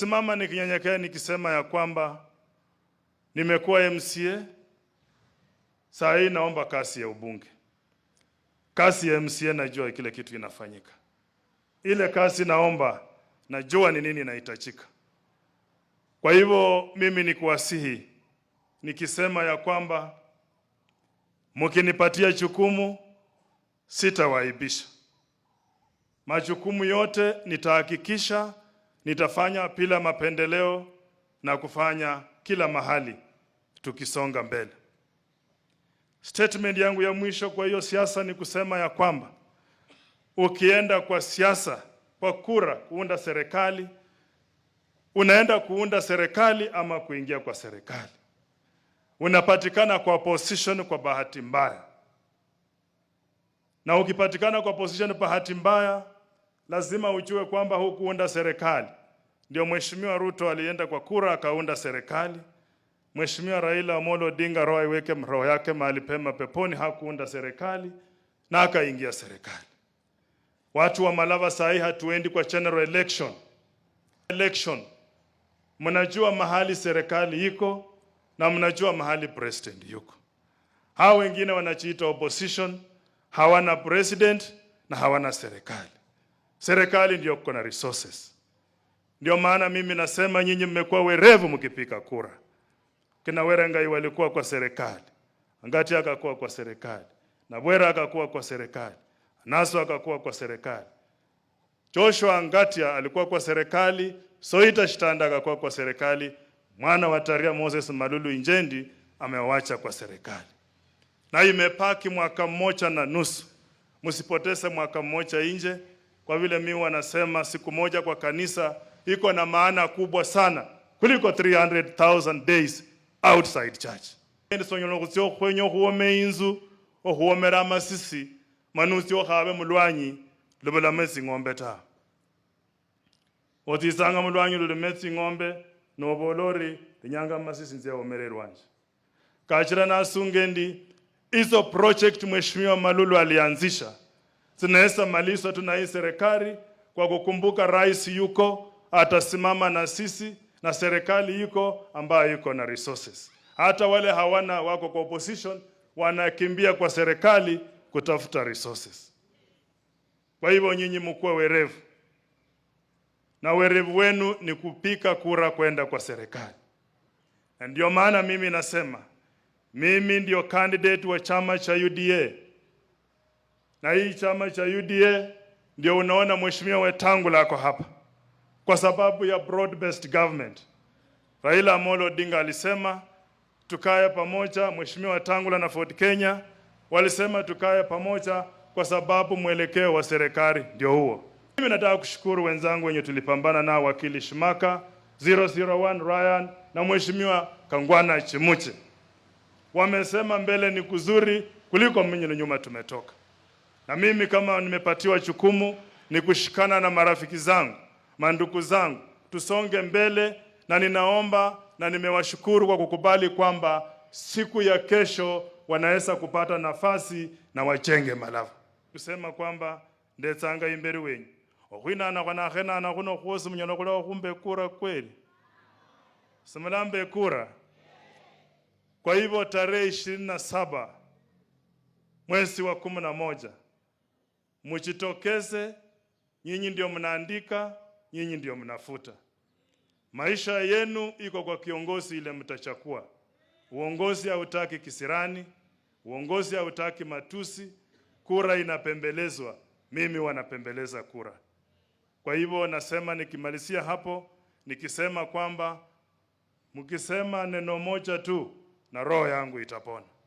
nimesimama nikinyenyekea nikisema ya kwamba nimekuwa MCA, saa hii naomba kasi ya ubunge. Kasi ya MCA najua kile kitu inafanyika, ile kasi naomba, najua ni nini inahitajika. Kwa hivyo mimi nikuwasihi nikisema ya kwamba mkinipatia jukumu sitawaibisha, majukumu yote nitahakikisha Nitafanya bila mapendeleo na kufanya kila mahali tukisonga mbele. Statement yangu ya mwisho kwa hiyo siasa ni kusema ya kwamba ukienda kwa siasa kwa kura kuunda serikali, unaenda kuunda serikali ama kuingia kwa serikali. Unapatikana kwa position kwa bahati mbaya, na ukipatikana kwa position bahati mbaya, lazima ujue kwamba hukuunda serikali ndio Mheshimiwa Ruto alienda kwa kura akaunda serikali. Mheshimiwa Raila Amolo Odinga roho iweke roho yake mahali pema peponi, hakuunda serikali na akaingia serikali. Watu wa Malava saa hii hatuendi kwa general election. Election. Mnajua mahali serikali iko na mnajua mahali president yuko. Hao wengine wanachiita opposition, hawana president na hawana serikali. Serikali ndio kuna na resources. Ndio maana mimi nasema nyinyi mmekuwa werevu mkipika kura. Kina Werengai walikuwa kwa serikali, Angati akakuwa kwa serikali, Nabwera akakuwa kwa serikali, Naso akakuwa kwa serikali, Joshua Ngatia alikuwa kwa serikali, Soita Shitanda akakuwa kwa serikali, mwana wa Taria Moses Malulu Injendi amewacha kwa serikali, na imepaki mwaka mmoja na nusu. Msipoteze mwaka mmoja nje, kwa vile mimi wanasema siku moja kwa kanisa iko na maana kubwa sana kuliko 300,000 days outside church endisonyela okhutsia okhwenya okhuwoma inzu okhuwomera amasisi manusi utsia okhaabe mulwanyi luvulamo tsing'ombe ta otsitsanga mulwanyi lulime tsing'ombe novola ori linyanga amasisi nzia womere elwanje kachira nasunga endi izo project mweshimiwa Malulu alianzisha zinaweza maliso tu na serikali kwa kukumbuka rais yuko atasimama na sisi, na serikali iko ambayo iko na resources. Hata wale hawana wako kwa opposition wanakimbia kwa serikali kutafuta resources. Kwa hivyo nyinyi mkuwe werevu, na werevu wenu ni kupika kura kwenda kwa serikali, na ndio maana mimi nasema mimi ndio candidate wa chama cha UDA, na hii chama cha UDA ndio unaona mheshimiwa Wetangula ako hapa kwa sababu ya broad based government. Raila Amolo Odinga alisema tukae pamoja, Mheshimiwa Tangula na Ford Kenya walisema tukae pamoja kwa sababu mwelekeo wa serikali ndio huo. Mimi nataka kushukuru wenzangu wenye tulipambana nao, wakili Shimaka 001 Ryan na Mheshimiwa Kangwana Chimuche, wamesema mbele ni kuzuri kuliko mwenye nyuma tumetoka, na mimi kama nimepatiwa jukumu ni kushikana na marafiki zangu Mandugu zangu, tusonge mbele, na ninaomba na nimewashukuru kwa kukubali kwamba siku ya kesho wanaweza kupata nafasi na wachenge Malava, kusema kwamba ndetsanga imberi wenyu okhwinana khwanakhenana khuno khwosi munyala khulao khumba kura kweli simulamba kura kwa hivyo tarehe ishirini na saba mwezi wa kumi na moja mujitokeze, nyinyi ndio mnaandika nyinyi ndio mnafuta. Maisha yenu iko kwa kiongozi ile mtachakua. Uongozi hautaki kisirani, uongozi hautaki matusi. Kura inapembelezwa, mimi wanapembeleza kura. Kwa hivyo nasema, nikimalizia hapo nikisema kwamba mkisema neno moja tu na roho yangu itapona.